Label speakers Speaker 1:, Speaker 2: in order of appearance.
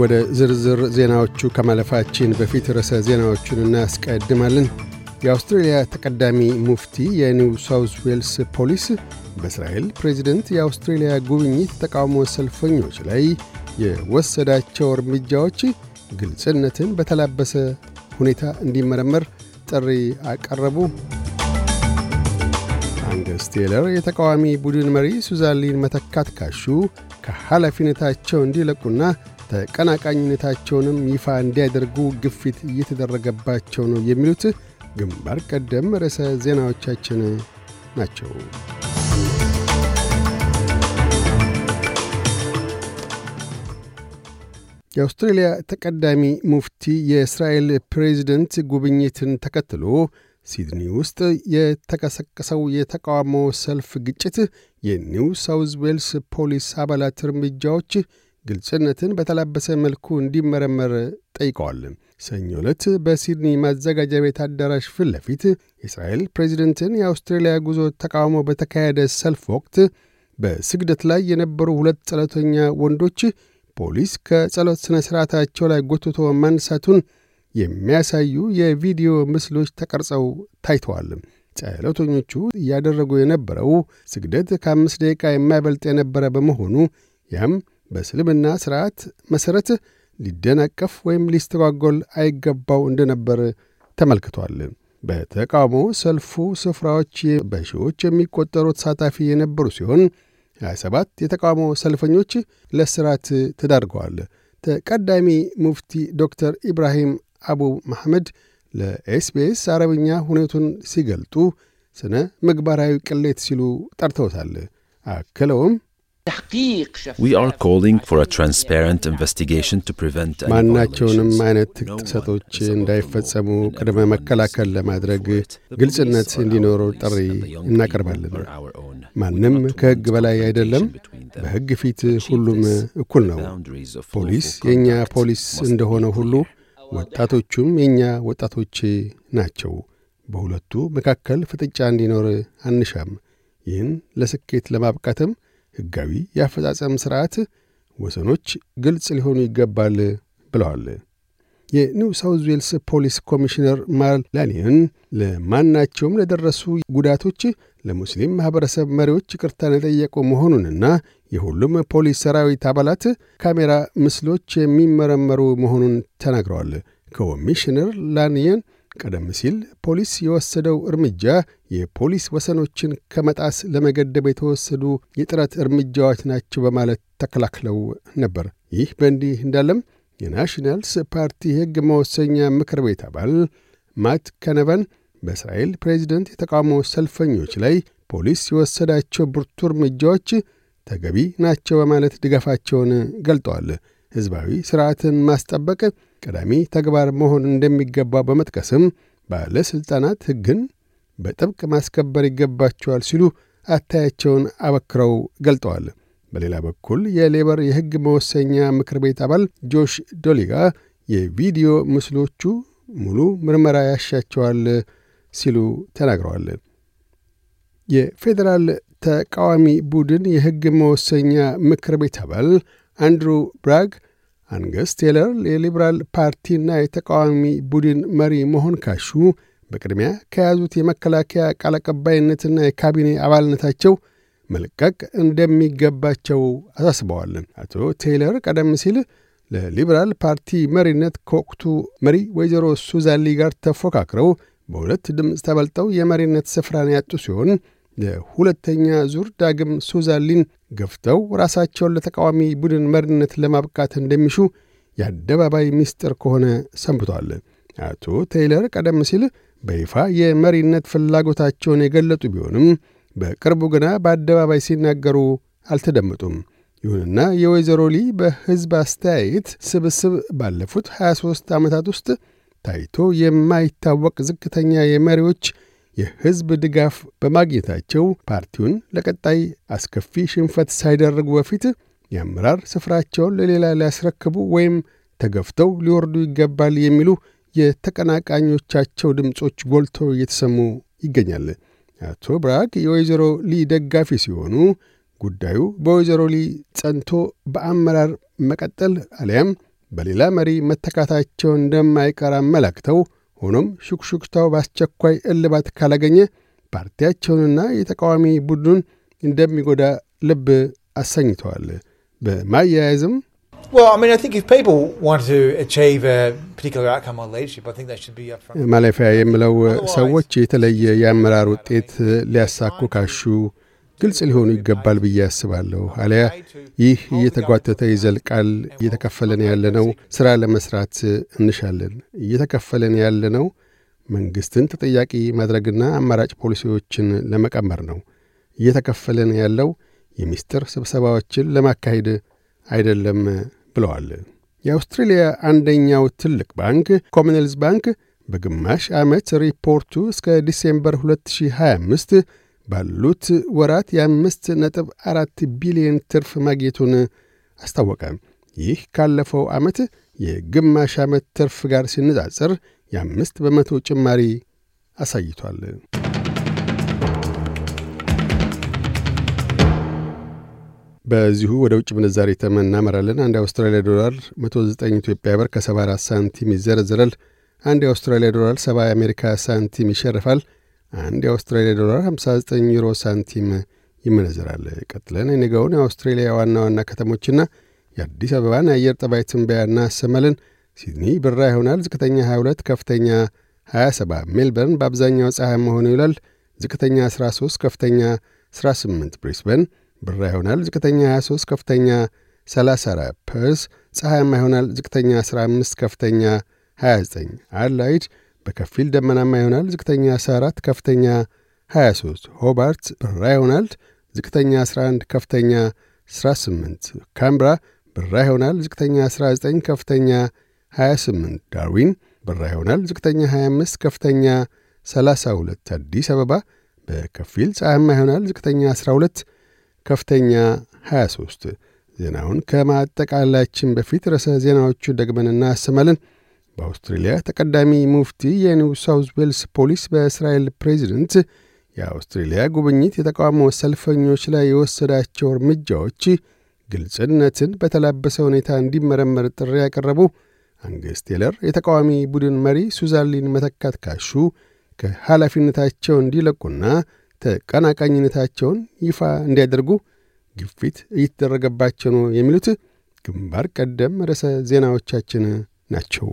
Speaker 1: ወደ ዝርዝር ዜናዎቹ ከማለፋችን በፊት ርዕሰ ዜናዎቹን እናስቀድማለን። የአውስትሬልያ ተቀዳሚ ሙፍቲ የኒው ሳውዝ ዌልስ ፖሊስ በእስራኤል ፕሬዚደንት የአውስትሬልያ ጉብኝት ተቃውሞ ሰልፈኞች ላይ የወሰዳቸው እርምጃዎች ግልጽነትን በተላበሰ ሁኔታ እንዲመረመር ጥሪ አቀረቡ። አንገስ ቴለር የተቃዋሚ ቡድን መሪ ሱዛሊን መተካት ካሹ ከኃላፊነታቸው እንዲለቁና ተቀናቃኝነታቸውንም ይፋ እንዲያደርጉ ግፊት እየተደረገባቸው ነው የሚሉት ግንባር ቀደም ርዕሰ ዜናዎቻችን ናቸው። የአውስትሬልያ ተቀዳሚ ሙፍቲ የእስራኤል ፕሬዚደንት ጉብኝትን ተከትሎ ሲድኒ ውስጥ የተቀሰቀሰው የተቃውሞ ሰልፍ ግጭት፣ የኒው ሳውዝ ዌልስ ፖሊስ አባላት እርምጃዎች ግልጽነትን በተላበሰ መልኩ እንዲመረመር ጠይቀዋል። ሰኞ ዕለት በሲድኒ ማዘጋጃ ቤት አዳራሽ ፊት ለፊት የእስራኤል ፕሬዚደንትን የአውስትሬልያ ጉዞ ተቃውሞ በተካሄደ ሰልፍ ወቅት በስግደት ላይ የነበሩ ሁለት ጸሎተኛ ወንዶች ፖሊስ ከጸሎት ሥነ ሥርዓታቸው ላይ ጎትቶ ማንሳቱን የሚያሳዩ የቪዲዮ ምስሎች ተቀርጸው ታይተዋል። ጸሎተኞቹ እያደረጉ የነበረው ስግደት ከአምስት ደቂቃ የማይበልጥ የነበረ በመሆኑ ያም በእስልምና ሥርዓት መሠረት ሊደናቀፍ ወይም ሊስተጓጎል አይገባው እንደነበር ተመልክቷል። በተቃውሞ ሰልፉ ስፍራዎች በሺዎች የሚቆጠሩ ተሳታፊ የነበሩ ሲሆን 27 የተቃውሞ ሰልፈኞች ለስራት ተዳርገዋል። ተቀዳሚ ሙፍቲ ዶክተር ኢብራሂም አቡ መሐመድ ለኤስቢኤስ አረብኛ ሁኔቱን ሲገልጡ ስነ ምግባራዊ ቅሌት ሲሉ ጠርተውታል። አክለውም ማናቸውንም አይነት ጥሰቶች እንዳይፈጸሙ ቅድመ መከላከል ለማድረግ ግልጽነት እንዲኖር ጥሪ እናቀርባለን። ማንም ከሕግ በላይ አይደለም። በሕግ ፊት ሁሉም እኩል ነው። ፖሊስ የእኛ ፖሊስ እንደሆነ ሁሉ ወጣቶቹም የእኛ ወጣቶች ናቸው። በሁለቱ መካከል ፍጥጫ እንዲኖር አንሻም። ይህን ለስኬት ለማብቃትም ሕጋዊ የአፈጻጸም ሥርዓት ወሰኖች ግልጽ ሊሆኑ ይገባል ብለዋል። የኒው ሳውዝ ዌልስ ፖሊስ ኮሚሽነር ማላኒን ለማናቸውም ለደረሱ ጉዳቶች ለሙስሊም ማኅበረሰብ መሪዎች ይቅርታን የጠየቁ መሆኑንና የሁሉም ፖሊስ ሰራዊት አባላት ካሜራ ምስሎች የሚመረመሩ መሆኑን ተናግረዋል። ኮሚሽነር ላንየን ቀደም ሲል ፖሊስ የወሰደው እርምጃ የፖሊስ ወሰኖችን ከመጣስ ለመገደብ የተወሰዱ የጥረት እርምጃዎች ናቸው በማለት ተከላክለው ነበር። ይህ በእንዲህ እንዳለም የናሽናልስ ፓርቲ ሕግ መወሰኛ ምክር ቤት አባል ማት ከነቫን በእስራኤል ፕሬዚደንት የተቃውሞ ሰልፈኞች ላይ ፖሊስ የወሰዳቸው ብርቱ እርምጃዎች ተገቢ ናቸው በማለት ድጋፋቸውን ገልጠዋል። ሕዝባዊ ሥርዓትን ማስጠበቅ ቀዳሚ ተግባር መሆን እንደሚገባው በመጥቀስም ባለሥልጣናት ሕግን በጥብቅ ማስከበር ይገባቸዋል ሲሉ አታያቸውን አበክረው ገልጠዋል። በሌላ በኩል የሌበር የሕግ መወሰኛ ምክር ቤት አባል ጆሽ ዶሊጋ የቪዲዮ ምስሎቹ ሙሉ ምርመራ ያሻቸዋል ሲሉ ተናግረዋል። የፌዴራል ተቃዋሚ ቡድን የሕግ መወሰኛ ምክር ቤት አባል አንድሩ ብራግ አንገስ ቴለር የሊበራል ፓርቲና የተቃዋሚ ቡድን መሪ መሆን ካሹ በቅድሚያ ከያዙት የመከላከያ ቃል አቀባይነትና የካቢኔ አባልነታቸው መልቀቅ እንደሚገባቸው አሳስበዋለን። አቶ ቴይለር ቀደም ሲል ለሊበራል ፓርቲ መሪነት ከወቅቱ መሪ ወይዘሮ ሱዛሊ ጋር ተፎካክረው በሁለት ድምፅ ተበልጠው የመሪነት ስፍራን ያጡ ሲሆን ለሁለተኛ ዙር ዳግም ሱዛሊን ገፍተው ራሳቸውን ለተቃዋሚ ቡድን መሪነት ለማብቃት እንደሚሹ የአደባባይ ምስጢር ከሆነ ሰንብቷል። አቶ ቴይለር ቀደም ሲል በይፋ የመሪነት ፍላጎታቸውን የገለጡ ቢሆንም በቅርቡ ግና በአደባባይ ሲናገሩ አልተደመጡም። ይሁንና የወይዘሮ ሊ በሕዝብ አስተያየት ስብስብ ባለፉት 23 ዓመታት ውስጥ ታይቶ የማይታወቅ ዝቅተኛ የመሪዎች የሕዝብ ድጋፍ በማግኘታቸው ፓርቲውን ለቀጣይ አስከፊ ሽንፈት ሳይደረጉ በፊት የአመራር ስፍራቸውን ለሌላ ሊያስረክቡ ወይም ተገፍተው ሊወርዱ ይገባል የሚሉ የተቀናቃኞቻቸው ድምፆች ጎልተው እየተሰሙ ይገኛል። አቶ ብራክ የወይዘሮ ሊ ደጋፊ ሲሆኑ ጉዳዩ በወይዘሮ ሊ ጸንቶ በአመራር መቀጠል አሊያም በሌላ መሪ መተካታቸው እንደማይቀር አመላክተው ሆኖም ሹክሹክታው በአስቸኳይ እልባት ካላገኘ ፓርቲያቸውንና የተቃዋሚ ቡድኑን እንደሚጎዳ ልብ አሰኝተዋል። በማያያዝም ማለፊያ የምለው ሰዎች የተለየ የአመራር ውጤት ሊያሳኩ ካሹ ግልጽ ሊሆኑ ይገባል ብዬ አስባለሁ። አለያ ይህ እየተጓተተ ይዘልቃል። እየተከፈለን ያለነው ሥራ ለመሥራት እንሻለን። እየተከፈለን ያለነው መንግሥትን ተጠያቂ ማድረግና አማራጭ ፖሊሲዎችን ለመቀመር ነው። እየተከፈለን ያለው የሚስጥር ስብሰባዎችን ለማካሄድ አይደለም ብለዋል። የአውስትሬልያ አንደኛው ትልቅ ባንክ ኮመንዌልዝ ባንክ በግማሽ ዓመት ሪፖርቱ እስከ ዲሴምበር 2025 ባሉት ወራት የአምስት ነጥብ አራት ቢሊዮን ትርፍ ማግኘቱን አስታወቀ። ይህ ካለፈው ዓመት የግማሽ ዓመት ትርፍ ጋር ሲነጻጽር የአምስት በመቶ ጭማሪ አሳይቷል። በዚሁ ወደ ውጭ ምንዛሪ ተመን እናመራለን። አንድ የአውስትራሊያ ዶላር 19 ኢትዮጵያ ብር ከ74 ሳንቲም ይዘረዝራል። አንድ የአውስትራሊያ ዶላር 70 የአሜሪካ ሳንቲም ይሸርፋል። አንድ የአውስትራሊያ ዶላር 59 ዩሮ ሳንቲም ይመነዘራል። ቀጥለን የነገውን የአውስትሬሊያ ዋና ዋና ከተሞችና የአዲስ አበባን የአየር ጠባይ ትንበያ እናሰማለን። ሲድኒ ብራ ይሆናል። ዝቅተኛ 22፣ ከፍተኛ 27። ሜልበርን በአብዛኛው ፀሐይ መሆኑ ይውላል። ዝቅተኛ 13፣ ከፍተኛ 18። ብሪስበን ብራ ይሆናል። ዝቅተኛ 23፣ ከፍተኛ 34። ፐርስ ፀሐያማ ይሆናል። ዝቅተኛ 15፣ ከፍተኛ 29። አድላይድ በከፊል ደመናማ ይሆናል። ዝቅተኛ 14፣ ከፍተኛ 23። ሆባርት ብራ ይሆናል። ዝቅተኛ 11፣ ከፍተኛ 18። ካምብራ ብራ ይሆናል። ዝቅተኛ 19፣ ከፍተኛ 28። ዳርዊን ብራ ይሆናል። ዝቅተኛ 25፣ ከፍተኛ 32። አዲስ አበባ በከፊል ፀሐያማ ይሆናል። ዝቅተኛ 12፣ ከፍተኛ 23። ዜናውን ከማጠቃላችን በፊት ርዕሰ ዜናዎቹ ደግመን እናሰማለን። በአውስትሬልያ ተቀዳሚ ሙፍቲ የኒው ሳውዝ ዌልስ ፖሊስ በእስራኤል ፕሬዚደንት የአውስትሬልያ ጉብኝት የተቃውሞ ሰልፈኞች ላይ የወሰዳቸው እርምጃዎች ግልጽነትን በተላበሰ ሁኔታ እንዲመረመር ጥሪ ያቀረቡ አንገስ ቴለር የተቃዋሚ ቡድን መሪ ሱዛሊን መተካት ካሹ ከኃላፊነታቸው እንዲለቁና ተቀናቃኝነታቸውን ይፋ እንዲያደርጉ ግፊት እየተደረገባቸው ነው የሚሉት ግንባር ቀደም ርዕሰ ዜናዎቻችን Nacho.